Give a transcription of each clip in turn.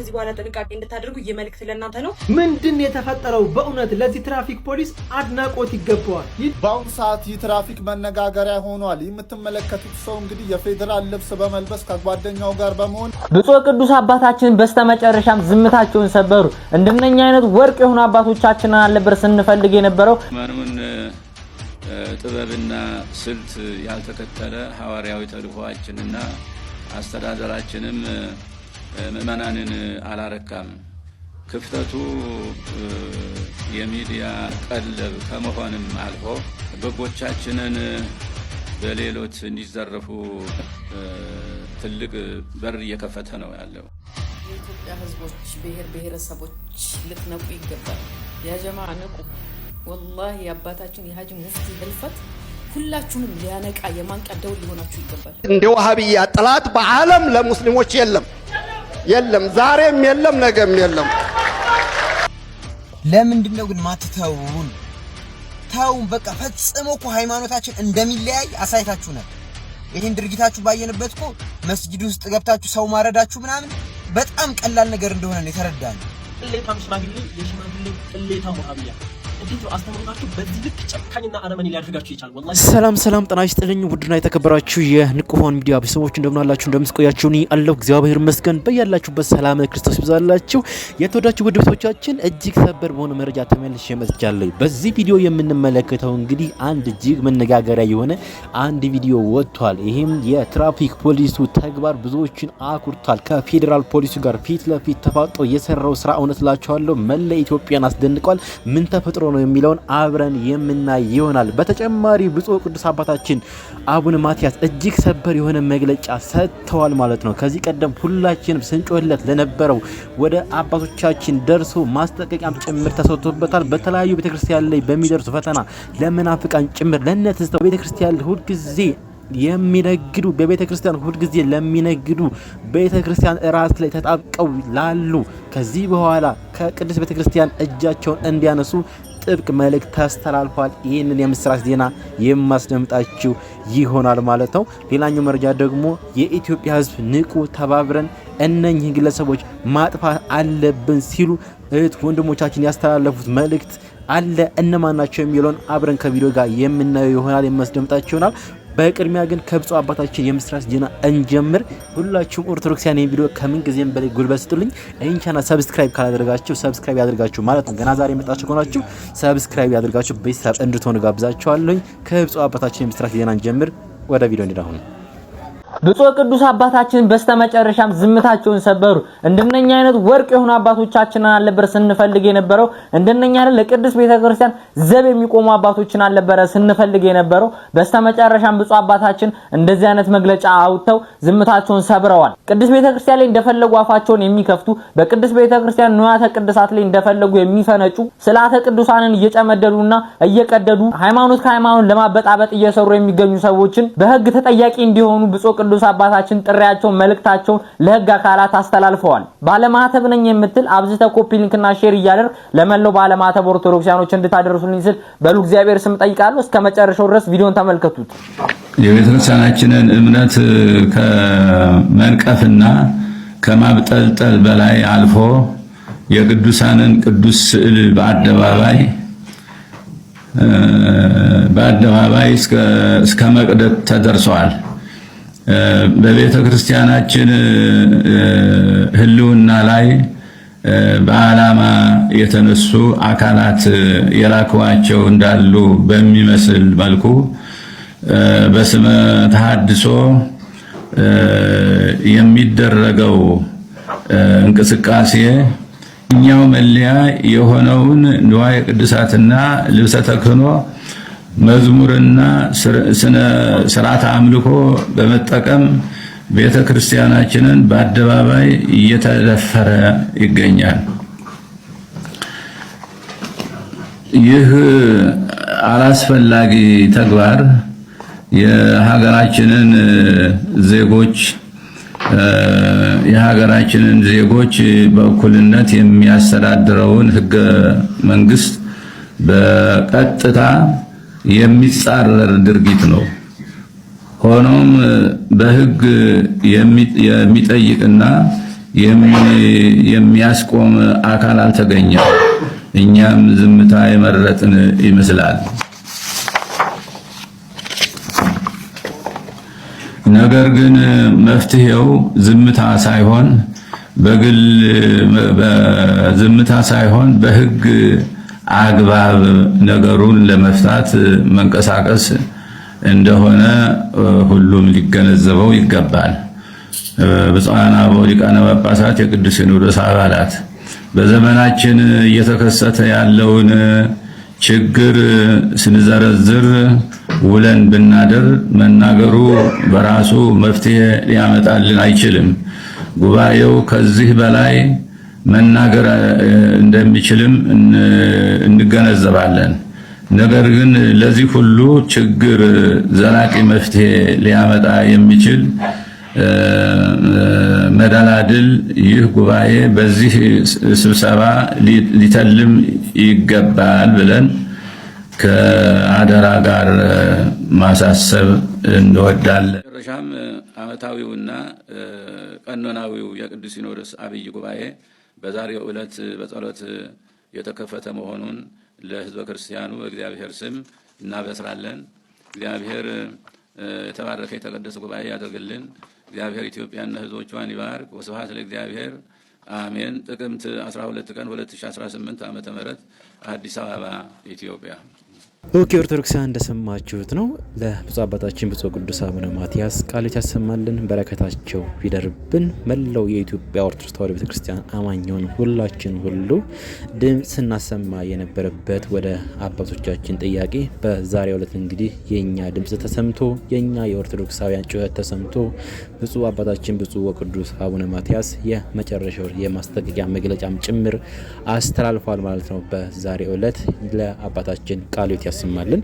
ከዚህ በኋላ ጥንቃቄ እንድታደርጉ ይህ መልእክት ለእናንተ ነው። ምንድን የተፈጠረው? በእውነት ለዚህ ትራፊክ ፖሊስ አድናቆት ይገባዋል። በአሁኑ ሰዓት ይህ ትራፊክ መነጋገሪያ ሆኗል። የምትመለከቱት ሰው እንግዲህ የፌዴራል ልብስ በመልበስ ከጓደኛው ጋር በመሆን ብፁዕ ቅዱስ አባታችን በስተመጨረሻም ዝምታቸውን ሰበሩ። እንደነኛ አይነት ወርቅ የሆኑ አባቶቻችን አልነበር ስንፈልግ የነበረው ጥበብና ስልት ያልተከተለ ሐዋርያዊ ተልእኮአችንና አስተዳደራችንም ምዕመናንን አላረካም። ክፍተቱ የሚዲያ ቀለብ ከመሆንም አልፎ በጎቻችንን በሌሎች እንዲዘረፉ ትልቅ በር እየከፈተ ነው ያለው። የኢትዮጵያ ሕዝቦች ብሔር ብሔረሰቦች ልትነቁ ይገባል። ያጀማ ንቁ። ወላሂ የአባታችን የሀጅ ሙፍቲ ህልፈት ሁላችሁንም ሊያነቃ የማንቀደው ሊሆናችሁ ይገባል። እንደ ዋሃብያ ጠላት በዓለም ለሙስሊሞች የለም። የለም፣ ዛሬም የለም፣ ነገም የለም። ለምንድን ነው ግን ማትተውን? ተውን፣ በቃ ፈጽሞ እኮ ሃይማኖታችን እንደሚለያይ አሳይታችሁ ነበር። ይህን ድርጊታችሁ ባየንበት እኮ መስጅድ ውስጥ ገብታችሁ ሰው ማረዳችሁ ምናምን በጣም ቀላል ነገር እንደሆነ ነው የተረዳነው። ቅሌታም ሽማግሌ የሽማግሌ ቅሌታ ሙአብያ ሰላም ሰላም፣ ጤና ይስጥልኝ ውድና የተከበራችሁ የንቁሆን ሚዲያ ቤተሰቦች እንደምናላችሁ፣ እንደምስቆያችሁ ኒ አለው እግዚአብሔር ይመስገን። በያላችሁበት ሰላም ክርስቶስ ይብዛላችሁ። የተወዳችሁ ውድ ቤተሰቦቻችን እጅግ ሰበር በሆነ መረጃ ተመልሼ መጥቻለሁ። በዚህ ቪዲዮ የምንመለከተው እንግዲህ አንድ እጅግ መነጋገሪያ የሆነ አንድ ቪዲዮ ወጥቷል። ይህም የትራፊክ ፖሊሱ ተግባር ብዙዎችን አኩርቷል። ከፌዴራል ፖሊሱ ጋር ፊት ለፊት ተፋጦ የሰራው ስራ እውነት ላቸዋለሁ መለ ኢትዮጵያን አስደንቋል። ምን ተፈጥሮ ነው የሚለውን አብረን የምናይ ይሆናል። በተጨማሪ ብፁዕ ቅዱስ አባታችን አቡነ ማትያስ እጅግ ሰበር የሆነ መግለጫ ሰጥተዋል ማለት ነው። ከዚህ ቀደም ሁላችንም ስንጮለት ለነበረው ወደ አባቶቻችን ደርሶ ማስጠንቀቂያም ጭምር ተሰጥቶበታል። በተለያዩ ቤተክርስቲያን ላይ በሚደርሱ ፈተና ለመናፍቃን ጭምር ለነትስተው ቤተክርስቲያን ሁልጊዜ የሚነግዱ በቤተ ክርስቲያን ጊዜ ለሚነግዱ ቤተ ክርስቲያን ራስ ላይ ተጣብቀው ላሉ ከዚህ በኋላ ከቅዱስ ቤተ ክርስቲያን እጃቸውን እንዲያነሱ ጥብቅ መልእክት ተስተላልፏል። ይህንን የምስራች ዜና የማስደምጣችሁ ይሆናል ማለት ነው። ሌላኛው መረጃ ደግሞ የኢትዮጵያ ሕዝብ ንቁ፣ ተባብረን እነኝህ ግለሰቦች ማጥፋት አለብን ሲሉ እህት ወንድሞቻችን ያስተላለፉት መልእክት አለ እነማን ናቸው የሚለውን አብረን ከቪዲዮ ጋር የምናየው ይሆናል። የማስደምጣችሁ ይሆናል። በቅድሚያ ግን ከብፁ አባታችን የምስራች ዜና እንጀምር። ሁላችሁም ኦርቶዶክሳያን ቪዲዮ ከምን ጊዜም በላይ ጉልበት ስጡልኝ። ይህን ቻናል ሰብስክራይብ ካላደረጋችሁ ሰብስክራይብ ያደርጋችሁ ማለት ነው። ገና ዛሬ የመጣችሁ ከሆናችሁ ሰብስክራይብ ያደርጋችሁ ቤተሰብ እንድትሆኑ ጋብዛችኋለሁኝ። ከብፁ አባታችን የምስራች ዜና እንጀምር። ወደ ቪዲዮ እንዲዳሁን ብፁዕ ቅዱስ አባታችን በስተመጨረሻም ዝምታቸውን ሰበሩ። እንደነኛ አይነት ወርቅ የሆኑ አባቶቻችን አልነበረ ስንፈልግ የነበረው እንደነኛ አይነት ለቅዱስ ቤተክርስቲያን ዘብ የሚቆሙ አባቶችን አልነበረ ስንፈልግ የነበረው። በስተመጨረሻም ብፁዕ አባታችን እንደዚህ አይነት መግለጫ አውጥተው ዝምታቸውን ሰብረዋል። ቅዱስ ቤተክርስቲያን ላይ እንደፈለጉ አፋቸውን የሚከፍቱ በቅዱስ ቤተክርስቲያን ንዋያተ ቅድሳት ላይ እንደፈለጉ የሚፈነጩ ስላተ ቅዱሳንን እየጨመደሉና እየቀደዱ ሃይማኖት ከሃይማኖት ለማበጣበጥ እየሰሩ የሚገኙ ሰዎችን በህግ ተጠያቂ እንዲሆኑ ብፁዕ ቅዱስ አባታችን ጥሪያቸውን መልእክታቸውን ለህግ አካላት አስተላልፈዋል። ባለማተብ ነኝ የምትል አብዝተ ኮፒ ሊንክና ሼር እያደረግ ለመላው ባለማተብ ኦርቶዶክሳኖች እንድታደርሱልኝ ስል በሉ እግዚአብሔር ስም ጠይቃለሁ። እስከ መጨረሻው ድረስ ቪዲዮን ተመልከቱት። የቤተክርስቲያናችንን እምነት ከመንቀፍና ከማብጠልጠል በላይ አልፎ የቅዱሳንን ቅዱስ ስዕል በአደባባይ በአደባባይ እስከ መቅደት ተደርሰዋል። በቤተ ክርስቲያናችን ሕልውና ላይ በዓላማ የተነሱ አካላት የላክዋቸው እንዳሉ በሚመስል መልኩ በስመ ተሐድሶ የሚደረገው እንቅስቃሴ እኛው መለያ የሆነውን ንዋየ ቅድሳትና ልብሰ ተክህኖ መዝሙርና ስርዓት አምልኮ በመጠቀም ቤተ ክርስቲያናችንን በአደባባይ እየተደፈረ ይገኛል። ይህ አላስፈላጊ ተግባር የሀገራችንን ዜጎች የሀገራችንን ዜጎች በእኩልነት የሚያስተዳድረውን ህገ መንግስት በቀጥታ የሚጻረር ድርጊት ነው። ሆኖም በሕግ የሚጠይቅና የሚያስቆም አካል አልተገኘም። እኛም ዝምታ የመረጥን ይመስላል። ነገር ግን መፍትሄው ዝምታ ሳይሆን በግል በዝምታ ሳይሆን በሕግ አግባብ ነገሩን ለመፍታት መንቀሳቀስ እንደሆነ ሁሉም ሊገነዘበው ይገባል። ብፁዓን አበው ሊቃነ ጳጳሳት የቅዱስ ሲኖዶስ አባላት በዘመናችን እየተከሰተ ያለውን ችግር ስንዘረዝር ውለን ብናደር መናገሩ በራሱ መፍትሄ ሊያመጣልን አይችልም። ጉባኤው ከዚህ በላይ መናገር እንደሚችልም እንገነዘባለን። ነገር ግን ለዚህ ሁሉ ችግር ዘላቂ መፍትሄ ሊያመጣ የሚችል መደላድል ይህ ጉባኤ በዚህ ስብሰባ ሊተልም ይገባል ብለን ከአደራ ጋር ማሳሰብ እንወዳለን። መጨረሻም ዓመታዊውና ቀኖናዊው የቅዱስ ሲኖዶስ አብይ ጉባኤ በዛሬው ዕለት በጸሎት የተከፈተ መሆኑን ለሕዝበ ክርስቲያኑ በእግዚአብሔር ስም እናበስራለን። እግዚአብሔር የተባረከ የተቀደሰ ጉባኤ ያደርግልን። እግዚአብሔር ኢትዮጵያና ሕዝቦቿን ይባርክ። ወስብሐት ለእግዚአብሔር አሜን። ጥቅምት 12 ቀን 2018 ዓ.ም አዲስ አበባ ኢትዮጵያ ኦኬ ኦርቶዶክሳ እንደሰማችሁት ነው። ለብፁዕ አባታችን ብፁዕ ቅዱስ አቡነ ማትያስ ቃሎች ያሰማልን፣ በረከታቸው ይደርብን። መላው የኢትዮጵያ ኦርቶዶክስ ተዋሕዶ ቤተክርስቲያን አማኘውን ሁላችን ሁሉ ድምፅ ስናሰማ የነበረበት ወደ አባቶቻችን ጥያቄ በዛሬው ዕለት እንግዲህ የእኛ ድምፅ ተሰምቶ የእኛ የኦርቶዶክሳውያን ጩኸት ተሰምቶ ብፁዕ አባታችን ብፁዕ ወቅዱስ አቡነ ማትያስ የመጨረሻው የማስጠንቀቂያ መግለጫም ጭምር አስተላልፏል ማለት ነው። በዛሬው ዕለት ለአባታችን ቃሎት እናስቀስማለን።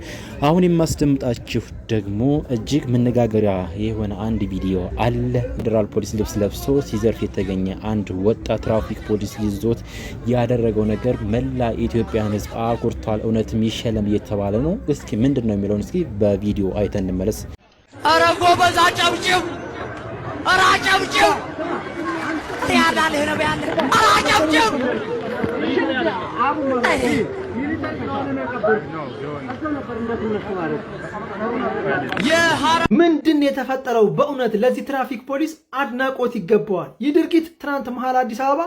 አሁን የማስደምጣችሁ ደግሞ እጅግ መነጋገሪያ የሆነ አንድ ቪዲዮ አለ። ፌዴራል ፖሊስ ልብስ ለብሶ ሲዘርፍ የተገኘ አንድ ወጣት ትራፊክ ፖሊስ ይዞት ያደረገው ነገር መላ የኢትዮጵያን ሕዝብ አኩርቷል። እውነትም ይሸለም እየተባለ ነው። እስኪ ምንድን ነው የሚለውን እስኪ በቪዲዮ አይተን እንመለስ። ኧረ ጎበዝ አጨብጭብ! ኧረ አጨብጭብ! ነው ያለ አጨብጭብ ምንድን የተፈጠረው? በእውነት ለዚህ ትራፊክ ፖሊስ አድናቆት ይገባዋል። ይህ ድርጊት ትናንት መሀል አዲስ አበባ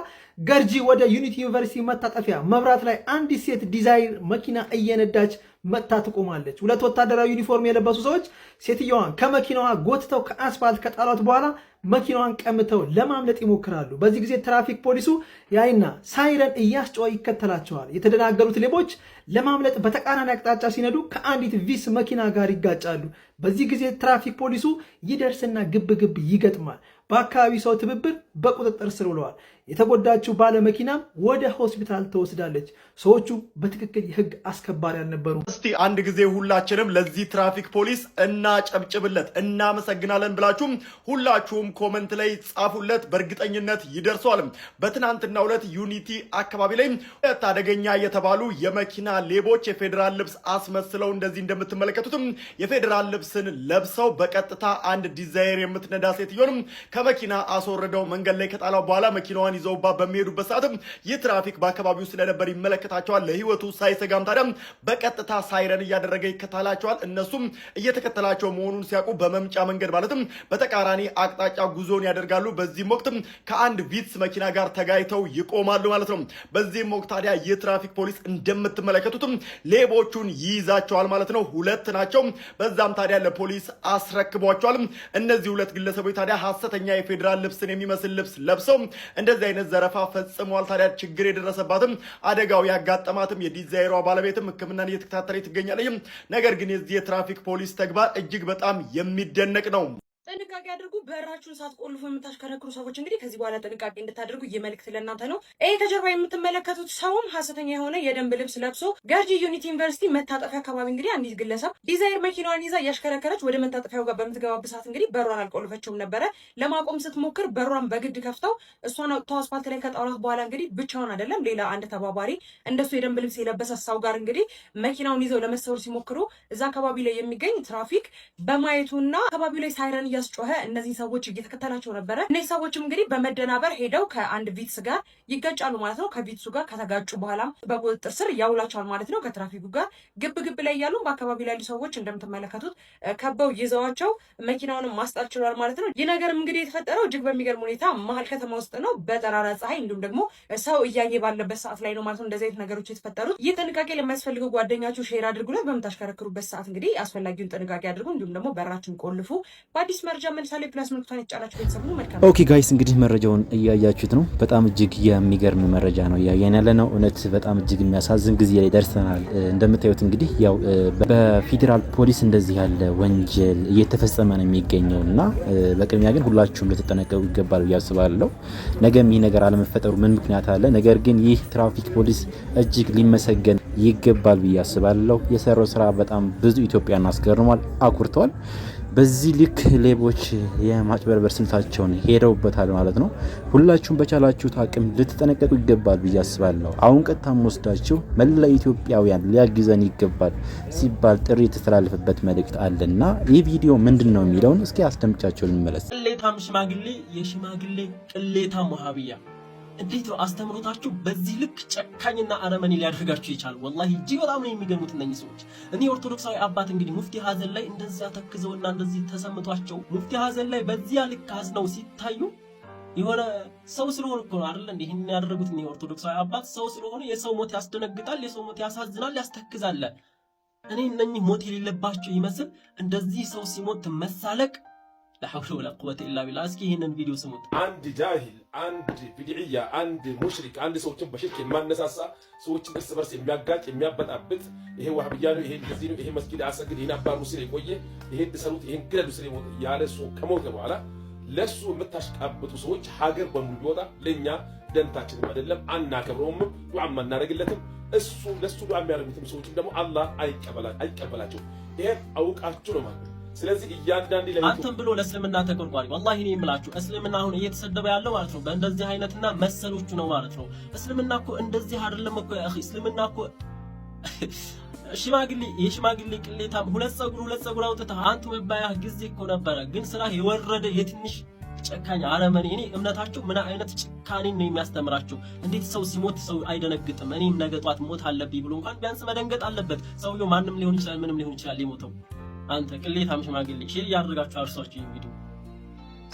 ገርጂ ወደ ዩኒቲ ዩኒቨርሲቲ መታጠፊያ መብራት ላይ አንዲት ሴት ዲዛይር መኪና እየነዳች መታ ትቆማለች። ሁለት ወታደራዊ ዩኒፎርም የለበሱ ሰዎች ሴትየዋን ከመኪናዋ ጎትተው ከአስፋልት ከጣሏት በኋላ መኪናዋን ቀምተው ለማምለጥ ይሞክራሉ። በዚህ ጊዜ ትራፊክ ፖሊሱ ያይና ሳይረን እያስጨዋ ይከተላቸዋል። የተደናገሩት ሌቦች ለማምለጥ በተቃራኒ አቅጣጫ ሲነዱ ከአንዲት ቪስ መኪና ጋር ይጋጫሉ። በዚህ ጊዜ ትራፊክ ፖሊሱ ይደርስና ግብግብ ይገጥማል። በአካባቢ ሰው ትብብር በቁጥጥር ስር ውለዋል። የተጎዳችው ባለመኪናም ወደ ሆስፒታል ተወስዳለች። ሰዎቹ በትክክል የህግ አስከባሪ አልነበሩ። እስቲ አንድ ጊዜ ሁላችንም ለዚህ ትራፊክ ፖሊስ እናጨብጭብለት፣ እናመሰግናለን ብላችሁም ሁላችሁም ኮመንት ላይ ጻፉለት። በእርግጠኝነት ይደርሷል። በትናንትና ሁለት ዩኒቲ አካባቢ ላይ ሁለት አደገኛ የተባሉ የመኪና ሌቦች የፌዴራል ልብስ አስመስለው እንደዚህ እንደምትመለከቱትም የፌዴራል ልብስን ለብሰው በቀጥታ አንድ ዲዛይር የምትነዳ ሴትዮንም ከመኪና አስወርደው መንገድ መንገድ ላይ ከጣላ በኋላ መኪናዋን ይዘውባ በሚሄዱበት ሰዓትም ይህ ትራፊክ በአካባቢው ስለነበር ይመለከታቸዋል። ለህይወቱ ሳይሰጋም ታዲያ በቀጥታ ሳይረን እያደረገ ይከተላቸዋል። እነሱም እየተከተላቸው መሆኑን ሲያውቁ በመምጫ መንገድ ማለትም በተቃራኒ አቅጣጫ ጉዞን ያደርጋሉ። በዚህም ወቅት ከአንድ ቪትስ መኪና ጋር ተጋይተው ይቆማሉ ማለት ነው። በዚህም ወቅት ታዲያ የትራፊክ ፖሊስ እንደምትመለከቱትም ሌቦቹን ይይዛቸዋል ማለት ነው። ሁለት ናቸው። በዛም ታዲያ ለፖሊስ አስረክቧቸዋል። እነዚህ ሁለት ግለሰቦች ታዲያ ሀሰተኛ የፌዴራል ልብስን የሚመስል የሚመስል ልብስ ለብሰው እንደዚህ አይነት ዘረፋ ፈጽመዋል። ታዲያ ችግር የደረሰባትም አደጋው ያጋጠማትም የዲዛይሯ ባለቤትም ሕክምናን እየተከታተለ ትገኛለች። ነገር ግን የዚህ የትራፊክ ፖሊስ ተግባር እጅግ በጣም የሚደነቅ ነው። ጥንቃቄ አድርጉ። በራችሁን ሳትቆልፉ የምታሽከረክሩ ሰዎች እንግዲህ ከዚህ በኋላ ጥንቃቄ እንድታደርጉ ይህ ለእናንተ ነው። ይህ ከጀርባ የምትመለከቱት ሰውም ሀሰተኛ የሆነ የደንብ ልብስ ለብሶ ገርጂ ዩኒቲ ዩኒቨርሲቲ መታጠፊያ አካባቢ እንግዲህ አንዲት ግለሰብ ዲዛይር መኪናዋን ይዛ እያሽከረከረች ወደ መታጠፊያው ጋር በምትገባ ብሳት እንግዲህ በሯን አልቆልፈችውም ነበረ። ለማቆም ስትሞክር በሯን በግድ ከፍተው እሷን አውጥተው አስፋልት ላይ ከጣሏት በኋላ እንግዲህ ብቻውን አይደለም ሌላ አንድ ተባባሪ እንደሱ የደንብ ልብስ የለበሰ ሰው ጋር እንግዲህ መኪናውን ይዘው ለመሰወር ሲሞክሩ እዛ አካባቢ ላይ የሚገኝ ትራፊክ በማየቱና አካባቢው ላይ ሳይረን እያስጮኸ እነዚህ ሰዎች እየተከተላቸው ነበረ። እነዚህ ሰዎችም እንግዲህ በመደናበር ሄደው ከአንድ ቪትስ ጋር ይጋጫሉ ማለት ነው። ከቪትሱ ጋር ከተጋጩ በኋላም በቁጥጥር ስር ያውላቸዋል ማለት ነው። ከትራፊኩ ጋር ግብ ግብ ላይ እያሉ በአካባቢ ላይ ያሉ ሰዎች እንደምትመለከቱት ከበው ይዘዋቸው መኪናውንም ማስጣት ችሏል ማለት ነው። ይህ ነገርም እንግዲህ የተፈጠረው እጅግ በሚገርም ሁኔታ መሀል ከተማ ውስጥ ነው፣ በጠራራ ፀሐይ እንዲሁም ደግሞ ሰው እያየ ባለበት ሰዓት ላይ ነው ማለት ነው እንደዚህ አይነት ነገሮች የተፈጠሩት። ይህ ጥንቃቄ ለሚያስፈልገው ጓደኛችሁ ሼር አድርጉለት። በምታሽከረክሩበት ሰዓት እንግዲህ አስፈላጊውን ጥንቃቄ አድርጉ። እንዲሁም ደግሞ በራችን ቆልፉ። በአዲስ መረጃ ፕላስ ምልክቷን መልካም። ኦኬ ጋይስ እንግዲህ መረጃውን እያያችሁት ነው። በጣም እጅግ የሚገርም መረጃ ነው እያየን ያለ ነው። እውነት በጣም እጅግ የሚያሳዝን ጊዜ ላይ ደርሰናል። እንደምታዩት እንግዲህ ያው በፌዴራል ፖሊስ እንደዚህ ያለ ወንጀል እየተፈጸመ ነው የሚገኘው እና በቅድሚያ ግን ሁላችሁም ልትጠነቀቁ ይገባል እያስባለሁ። ነገም ይህ ነገር አለመፈጠሩ ምን ምክንያት አለ? ነገር ግን ይህ ትራፊክ ፖሊስ እጅግ ሊመሰገን ይገባል ብዬ አስባለሁ። የሰራው ስራ በጣም ብዙ ኢትዮጵያን አስገርሟል፣ አኩርተዋል። በዚህ ልክ ሌቦች የማጭበርበር ስልታቸውን ሄደውበታል ማለት ነው። ሁላችሁም በቻላችሁት አቅም ልትጠነቀቁ ይገባል ብዬ አስባለሁ። አሁን ቀጥታም ወስዳችሁ መላ ኢትዮጵያውያን ሊያግዘን ይገባል ሲባል ጥሪ የተተላለፈበት መልእክት አለና ይህ ቪዲዮ ምንድን ነው የሚለውን እስኪ አስደምጫቸው ልንመለስ። ቅሌታም ሽማግሌ የሽማግሌ ቅሌታም ወሃቢያ እንዴት ነው አስተምሮታችሁ በዚህ ልክ ጨካኝና አረመኔ ሊያደርጋችሁ ይቻላል። ወላሂ እጅግ በጣም ነው የሚገርሙት እነኚህ ሰዎች። እኔ ኦርቶዶክሳዊ አባት እንግዲህ ሙፍቲ ሀዘን ላይ እንደዚያ ተክዘውና እንደዚህ ተሰምቷቸው ሙፍቲ ሀዘን ላይ በዚያ ልክ አዝነው ሲታዩ የሆነ ሰው ስለሆነ እኮ አይደለ እንዴ ይሄን ያደረጉት? እኔ ኦርቶዶክሳዊ አባት ሰው ስለሆነ የሰው ሞት ያስደነግጣል፣ የሰው ሞት ያሳዝናል፣ ያስተክዛል። እኔ እነኚህ ሞት የሌለባቸው ይመስል እንደዚህ ሰው ሲሞት መሳለቅ ለሐውል ወላ ቁወት ኢላ ቢላ። እስኪ ይህንን ቪዲዮ ስሙት። አንድ ጃሂል፣ አንድ ቢድዕያ፣ አንድ ሙሽሪክ፣ አንድ ሰዎችን በሽርክ የማነሳሳ ሰዎችን እርስ በርስ የሚያጋጭ የሚያበጣብጥ ይሄ ዋህብያ ነው፣ ይሄ እንደዚህ ነው፣ ይሄ መስጊድ አሰግድ፣ ይህን አባሩ ስል የቆየ ይሄን ሰሩት፣ ይህን ግደሉ ስል ያለ እሱ ከሞተ በኋላ ለእሱ የምታሽቃብጡ ሰዎች ሀገር በሙሉ ቢወጣ ለእኛ ደንታችንም አይደለም፣ አናከብረውም፣ ዱዓም አናደርግለትም። እሱ ለእሱ ዱዓ የሚያደርጉትም ሰዎችም ደግሞ አላህ አይቀበላቸውም። ይሄ አውቃችሁ ነው ማለት ስለዚህ እያንዳንድ አንተም ብሎ ለእስልምና ተቆርቋሪ ወላሂ እኔ የምላችሁ እስልምና አሁን እየተሰደበ ያለው ማለት ነው በእንደዚህ አይነትና መሰሎቹ ነው ማለት ነው። እስልምና እኮ እንደዚህ አይደለም እኮ ያኺ እስልምና እኮ ሽማግሌ የሽማግሌ ቅሌታ ሁለት ጸጉር ሁለት ጸጉር አውጥተህ አንተ ወባያህ ጊዜ እኮ ነበረ፣ ግን ስራ የወረደ የትንሽ ጨካኝ አረመኔ። እኔ እምነታቸው ምን አይነት ጭካኔ ነው የሚያስተምራቸው? እንዴት ሰው ሲሞት ሰው አይደነግጥም? እኔም ነገ ጧት ሞት አለብኝ ብሎ እንኳን ቢያንስ መደንገጥ አለበት ሰውየው። ማንም ሊሆን ይችላል፣ ምንም ሊሆን ይችላል የሞተው አንተ ቅሌታም ሽማግሌ ሼር እያደረጋችሁ አርሶች እንግዲህ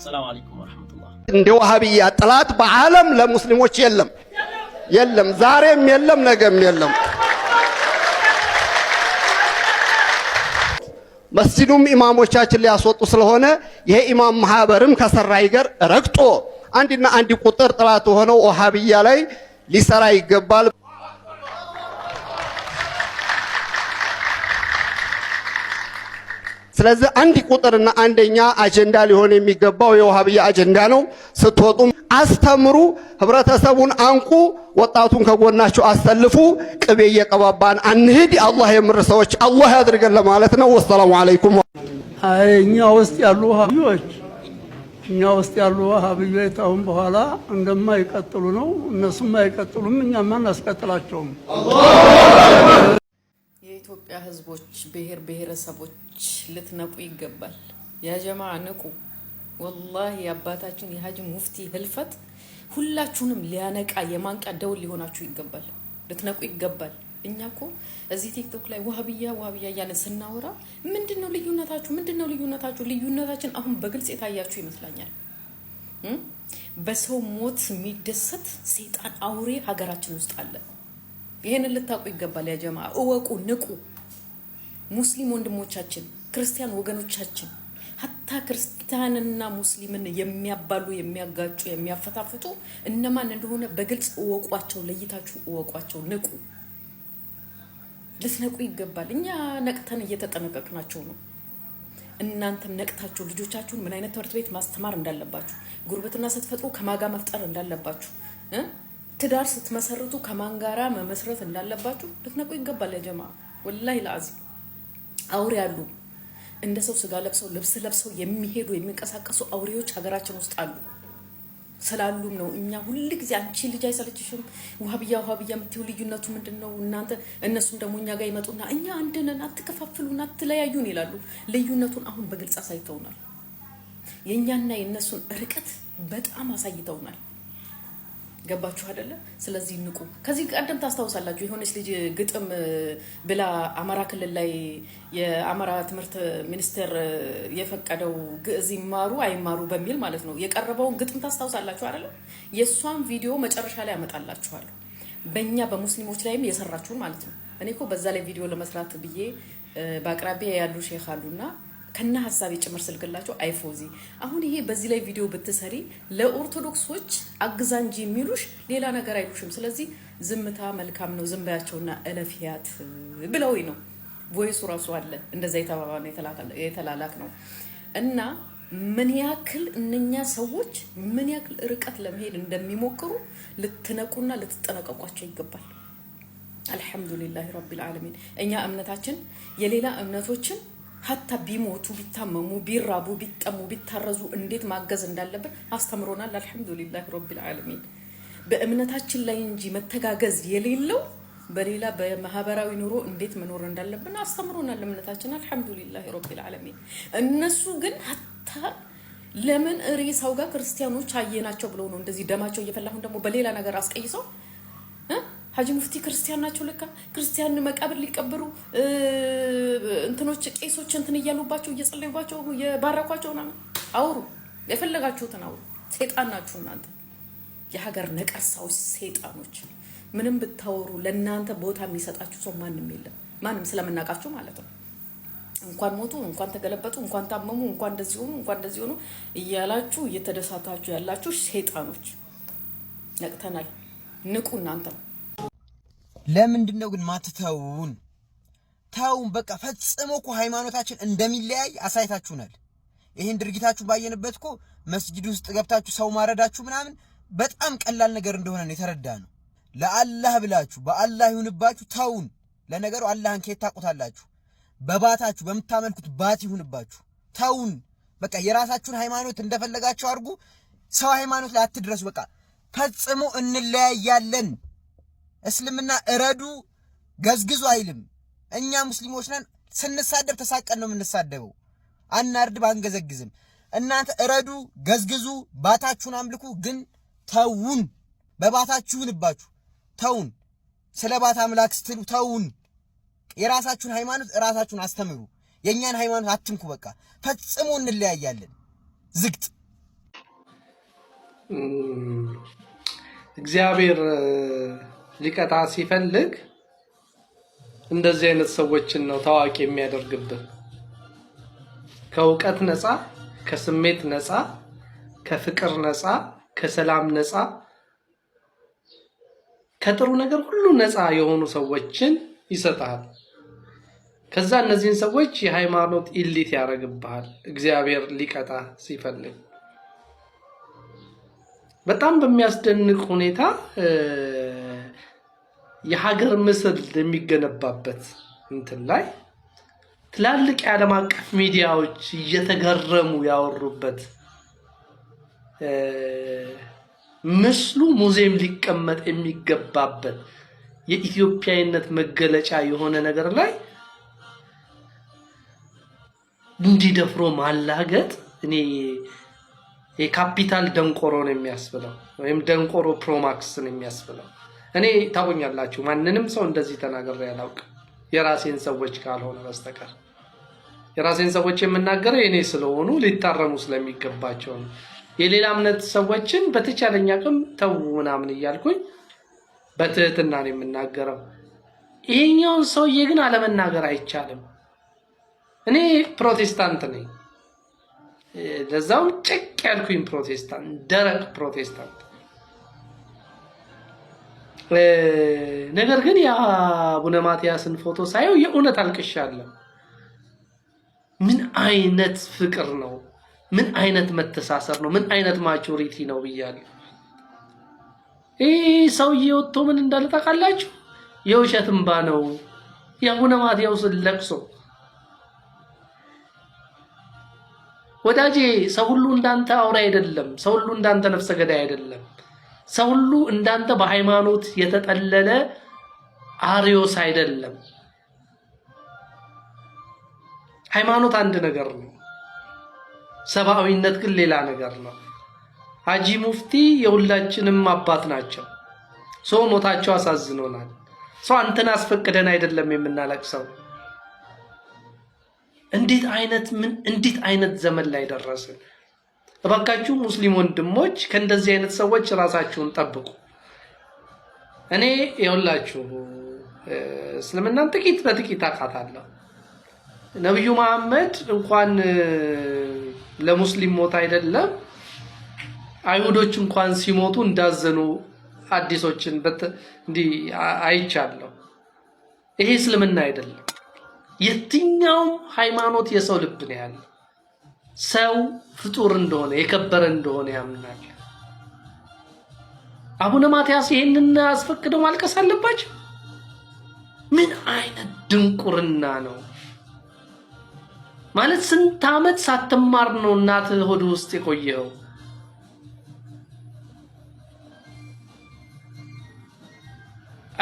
ሰላም አለይኩም ወራህመቱላህ። እንደ ዋሃብያ ጥላት በዓለም ለሙስሊሞች የለም የለም፣ ዛሬም የለም፣ ነገም የለም። መስጂዱም ኢማሞቻችን ሊያስወጡ ስለሆነ ይሄ ኢማም ማህበርም ከሰራ ይገር ረግጦ አንድና አንድ ቁጥር ጥላት ሆነው ዋሃብያ ላይ ሊሰራ ይገባል። ስለዚህ አንድ ቁጥርና አንደኛ አጀንዳ ሊሆን የሚገባው የውሃብያ አጀንዳ ነው። ስትወጡ አስተምሩ፣ ህብረተሰቡን አንቁ፣ ወጣቱን ከጎናችሁ አሰልፉ። ቅቤ እየቀባባን አንሂድ። አላህ የምር ሰዎች አላህ ያድርገን ለማለት ነው። ወሰላሙ አለይኩም። እኛ ውስጥ ያሉ ውሃብዮች እኛ ውስጥ ያሉ ውሃብዮች አሁን በኋላ እንደማይቀጥሉ ነው። እነሱም አይቀጥሉም፣ እኛም አናስቀጥላቸውም። የኢትዮጵያ ህዝቦች፣ ብሔር ብሔረሰቦች ልትነቁ ይገባል። ያጀማ ንቁ። ወላሂ የአባታችን የሀጂ ሙፍቲ ህልፈት ሁላችሁንም ሊያነቃ የማንቂያ ደውል ሊሆናችሁ ይገባል። ልትነቁ ይገባል። እኛ እኮ እዚህ ቲክቶክ ላይ ዋህብያ ዋህብያ እያለን ስናወራ ምንድን ነው ልዩነታችሁ? ምንድን ነው ልዩነታችሁ? ልዩነታችን አሁን በግልጽ የታያችሁ ይመስላኛል። በሰው ሞት የሚደሰት ሰይጣን አውሬ ሀገራችን ውስጥ አለ። ይህንን ልታውቁ ይገባል። ያጀማ እወቁ፣ ንቁ። ሙስሊም ወንድሞቻችን፣ ክርስቲያን ወገኖቻችን ሀታ ክርስቲያንና ሙስሊምን የሚያባሉ የሚያጋጩ፣ የሚያፈታፍቱ እነማን እንደሆነ በግልጽ እወቋቸው፣ ለይታችሁ እወቋቸው፣ ንቁ። ልትነቁ ይገባል። እኛ ነቅተን እየተጠነቀቅናቸው ነው። እናንተም ነቅታችሁ ልጆቻችሁን ምን አይነት ትምህርት ቤት ማስተማር እንዳለባችሁ፣ ጉርብትና ስትፈጥሩ ከማጋ መፍጠር እንዳለባችሁ፣ ትዳር ስትመሰርቱ ከማን ጋራ መመስረት እንዳለባችሁ ልትነቁ ይገባል። ለጀማ ወላሂ ለአዚም አውሬ አሉ። እንደ ሰው ስጋ ለብሰው ልብስ ለብሰው የሚሄዱ የሚንቀሳቀሱ አውሬዎች ሀገራችን ውስጥ አሉ። ስላሉም ነው እኛ ሁል ጊዜ አንቺ ልጅ አይሰለችሽም? ውሃብያ ውሃብያ የምትይው ልዩነቱ ምንድን ነው? እናንተ እነሱም ደግሞ እኛ ጋር ይመጡና እኛ አንድነን አትከፋፍሉን፣ አትለያዩን ይላሉ። ልዩነቱን አሁን በግልጽ አሳይተውናል። የእኛና የእነሱን ርቀት በጣም አሳይተውናል። ገባችሁ አይደለ? ስለዚህ ንቁ። ከዚህ ቀደም ታስታውሳላችሁ የሆነች ልጅ ግጥም ብላ አማራ ክልል ላይ የአማራ ትምህርት ሚኒስቴር የፈቀደው ግዕዝ ይማሩ አይማሩ በሚል ማለት ነው የቀረበውን ግጥም ታስታውሳላችሁ አይደለ? የእሷን ቪዲዮ መጨረሻ ላይ አመጣላችኋለሁ። በእኛ በሙስሊሞች ላይም የሰራችሁን ማለት ነው። እኔ እኮ በዛ ላይ ቪዲዮ ለመስራት ብዬ በአቅራቢያ ያሉ ሼክ አሉና ከነ ሀሳቤ ጭምር ስልክላቸው አይፎዚ አሁን ይሄ በዚህ ላይ ቪዲዮ ብትሰሪ ለኦርቶዶክሶች አግዛ እንጂ የሚሉሽ ሌላ ነገር አይሉሽም። ስለዚህ ዝምታ መልካም ነው፣ ዝም በያቸውና እለፊያት ብለው ነው ቮይሱ ራሱ አለ እንደዛ የተባባ ነው የተላላክ ነው እና ምን ያክል እነኛ ሰዎች ምን ያክል ርቀት ለመሄድ እንደሚሞክሩ ልትነቁና ልትጠነቀቋቸው ይገባል። አልሐምዱሊላህ ረቢል ዓለሚን እኛ እምነታችን የሌላ እምነቶችን ሀታ ቢሞቱ ቢታመሙ ቢራቡ ቢጠሙ ቢታረዙ እንዴት ማገዝ እንዳለብን አስተምሮናል። አልሐምዱሊላህ ረቢል ዓለሚን። በእምነታችን ላይ እንጂ መተጋገዝ የሌለው በሌላ በማህበራዊ ኑሮ እንዴት መኖር እንዳለብን አስተምሮናል እምነታችን። አልሐምዱሊላህ ረቢል ዓለሚን። እነሱ ግን ሀታ ለምን ሬሳው ጋር ክርስቲያኖች አየናቸው ብለው ነው እንደዚህ ደማቸው እየፈላሁን ደግሞ በሌላ ነገር አስቀይሰው ሀጂ ሙፍቲ ክርስቲያን ናቸው። ልካ ክርስቲያን መቃብር ሊቀበሩ እንትኖች ቄሶች እንትን እያሉባቸው እየጸለዩባቸው የባረኳቸው ና አውሩ፣ የፈለጋችሁትን አውሩ። ሴጣን ናችሁ እናንተ የሀገር ነቀርሳዎች፣ ሴጣኖች። ምንም ብታወሩ ለእናንተ ቦታ የሚሰጣችሁ ሰው ማንም የለም። ማንም ስለምናውቃችሁ ማለት ነው። እንኳን ሞቱ፣ እንኳን ተገለበጡ፣ እንኳን ታመሙ፣ እንኳን እንደዚህ ሆኑ፣ እንኳን እንደዚህ ሆኑ እያላችሁ እየተደሳታችሁ ያላችሁ ሴጣኖች፣ ነቅተናል። ንቁ እናንተም ለምንድን ነው ግን ማትተውን? ተውን በቃ ፈጽሞ እኮ ሃይማኖታችን እንደሚለያይ አሳይታችሁናል። ይህን ድርጊታችሁ ባየንበት እኮ መስጅድ ውስጥ ገብታችሁ ሰው ማረዳችሁ ምናምን በጣም ቀላል ነገር እንደሆነ ነው የተረዳ ነው። ለአላህ ብላችሁ በአላህ ይሁንባችሁ ተውን። ለነገሩ አላህን ከየት ታውቁታላችሁ? በባታችሁ በምታመልኩት ባት ይሁንባችሁ ተውን። በቃ የራሳችሁን ሃይማኖት እንደፈለጋችሁ አድርጉ። ሰው ሃይማኖት ላይ አትድረሱ። በቃ ፈጽሞ እንለያያለን። እስልምና እረዱ ገዝግዙ አይልም። እኛ ሙስሊሞች ነን። ስንሳደብ ተሳቀን ነው የምንሳደበው። አናርድም፣ አንገዘግዝም። እናንተ እረዱ ገዝግዙ፣ ባታችሁን አምልኩ። ግን ተውን፣ በባታችሁ ይሁንባችሁ። ተውን፣ ስለ ባት አምላክ ስትሉ ተውን። የራሳችሁን ሃይማኖት እራሳችሁን አስተምሩ። የእኛን ሃይማኖት አትንኩ። በቃ ፈጽሞ እንለያያለን። ዝግጥ እግዚአብሔር ሊቀጣ ሲፈልግ እንደዚህ አይነት ሰዎችን ነው ታዋቂ የሚያደርግብን። ከእውቀት ነፃ፣ ከስሜት ነፃ፣ ከፍቅር ነፃ፣ ከሰላም ነፃ፣ ከጥሩ ነገር ሁሉ ነፃ የሆኑ ሰዎችን ይሰጣል። ከዛ እነዚህን ሰዎች የሃይማኖት ኢሊት ያደርግብሃል። እግዚአብሔር ሊቀጣ ሲፈልግ በጣም በሚያስደንቅ ሁኔታ የሀገር ምስል የሚገነባበት እንትን ላይ ትላልቅ የዓለም አቀፍ ሚዲያዎች እየተገረሙ ያወሩበት ምስሉ ሙዚየም ሊቀመጥ የሚገባበት የኢትዮጵያዊነት መገለጫ የሆነ ነገር ላይ እንዲደፍሮ ማላገጥ እኔ የካፒታል ደንቆሮ ነው የሚያስብለው፣ ወይም ደንቆሮ ፕሮማክስ ነው የሚያስብለው። እኔ ታቆኛላችሁ። ማንንም ሰው እንደዚህ ተናግሬ ያላውቅ የራሴን ሰዎች ካልሆነ በስተቀር የራሴን ሰዎች የምናገረው የኔ ስለሆኑ ሊታረሙ ስለሚገባቸው ነው። የሌላ እምነት ሰዎችን በተቻለኝ አቅም ተው ምናምን እያልኩኝ በትህትና ነው የምናገረው። ይሄኛውን ሰውዬ ግን አለመናገር አይቻልም። እኔ ፕሮቴስታንት ነኝ፣ ለዛውም ጭቅ ያልኩኝ ፕሮቴስታንት፣ ደረቅ ፕሮቴስታንት ነገር ግን የአቡነ ማትያስን ፎቶ ሳየው የእውነት አልቅሻለሁ። ምን አይነት ፍቅር ነው! ምን አይነት መተሳሰር ነው! ምን አይነት ማቹሪቲ ነው ብያለሁ። ይህ ሰውዬ ወጥቶ ምን እንዳለ ታውቃላችሁ? የውሸት እንባ ነው የአቡነ ማትያስን ለቅሶ። ወዳጄ ሰው ሁሉ እንዳንተ አውራ አይደለም። ሰው ሁሉ እንዳንተ ነፍሰ ገዳይ አይደለም። ሰው ሁሉ እንዳንተ በሃይማኖት የተጠለለ አሪዮስ አይደለም። ሃይማኖት አንድ ነገር ነው፣ ሰብአዊነት ግን ሌላ ነገር ነው። ሀጂ ሙፍቲ የሁላችንም አባት ናቸው። ሰው ሞታቸው አሳዝኖናል። ሰው አንተን አስፈቅደን አይደለም የምናለቅሰው። እንዴት አይነት ምን እንዴት አይነት ዘመን ላይ ደረስን? እባካችሁ ሙስሊም ወንድሞች ከእንደዚህ አይነት ሰዎች ራሳችሁን ጠብቁ። እኔ የሁላችሁ እስልምናን ጥቂት በጥቂት አውቃታለሁ። ነቢዩ መሐመድ እንኳን ለሙስሊም ሞት አይደለም አይሁዶች እንኳን ሲሞቱ እንዳዘኑ አዲሶችን እንዲህ አይቻለሁ። ይሄ እስልምና አይደለም። የትኛውም ሃይማኖት የሰው ልብ ነው ያለው። ሰው ፍጡር እንደሆነ የከበረ እንደሆነ ያምናል። አቡነ ማትያስ ይህንን አስፈቅደው ማልቀስ አለባቸው። ምን አይነት ድንቁርና ነው ማለት! ስንት ዓመት ሳትማር ነው እናት ሆድ ውስጥ የቆየው?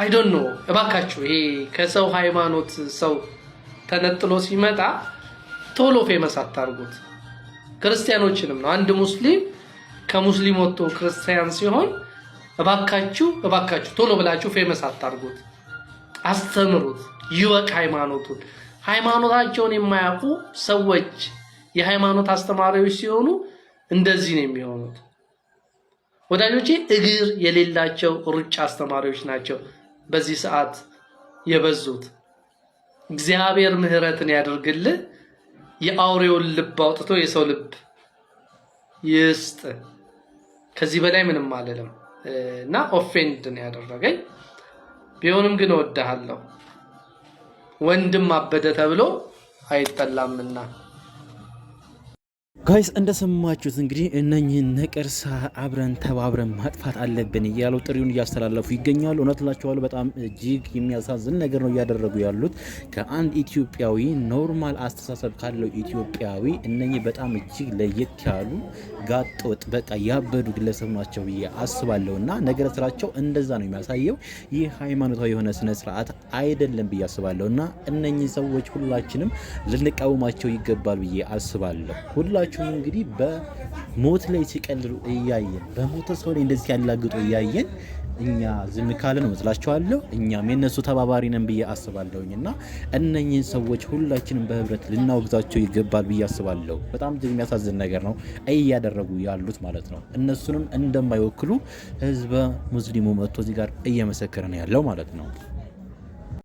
አይዶን ነው። እባካችሁ ይሄ ከሰው ሃይማኖት ሰው ተነጥሎ ሲመጣ ቶሎ ፌመስ አታርጉት። ክርስቲያኖችንም ነው። አንድ ሙስሊም ከሙስሊም ወጥቶ ክርስቲያን ሲሆን እባካችሁ እባካችሁ ቶሎ ብላችሁ ፌመስ አታርጉት፣ አስተምሩት፣ ይወቅ ሃይማኖቱን። ሃይማኖታቸውን የማያውቁ ሰዎች የሃይማኖት አስተማሪዎች ሲሆኑ እንደዚህ ነው የሚሆኑት። ወዳጆቼ እግር የሌላቸው ሩጫ አስተማሪዎች ናቸው በዚህ ሰዓት የበዙት። እግዚአብሔር ምሕረትን ያደርግልህ። የአውሬውን ልብ አውጥቶ የሰው ልብ ይስጥ። ከዚህ በላይ ምንም አልልም እና ኦፌንድ ነው ያደረገኝ። ቢሆንም ግን እወድሃለሁ ወንድም አበደ ተብሎ አይጠላምና ጋይስ እንደሰማችሁት እንግዲህ እነኝህን ነቀርሳ አብረን ተባብረን ማጥፋት አለብን እያሉ ጥሪውን እያስተላለፉ ይገኛሉ። እውነት ላቸዋሉ። በጣም እጅግ የሚያሳዝን ነገር ነው እያደረጉ ያሉት። ከአንድ ኢትዮጵያዊ ኖርማል አስተሳሰብ ካለው ኢትዮጵያዊ እነኚህ በጣም እጅግ ለየት ያሉ ጋጠወጥ በቃ ያበዱ ግለሰብ ናቸው ብዬ አስባለሁ። እና ነገረ ስራቸው እንደዛ ነው የሚያሳየው። ይህ ሃይማኖታዊ የሆነ ስነ ስርዓት አይደለም ብዬ አስባለሁ። እና እነኚህ ሰዎች ሁላችንም ልንቃወማቸው ይገባል ብዬ አስባለሁ። ሁላችሁም እንግዲህ በሞት ላይ ሲቀልሉ እያየን በሞተ ሰው ላይ እንደዚህ ያላግጡ እያየን እኛ ዝም ነው መስላችኋለሁ? እኛም የነሱ ተባባሪ ነን ብዬ አስባለሁኝ። እና እነኝህን ሰዎች ሁላችንም በህብረት ልናወግዛቸው ይገባል ብዬ አስባለሁ። በጣም የሚያሳዝን ነገር ነው እያደረጉ ያሉት ማለት ነው። እነሱንም እንደማይወክሉ ህዝበ ሙስሊሙ መጥቶ እዚህ ጋር እየመሰከረ ነው ያለው ማለት ነው።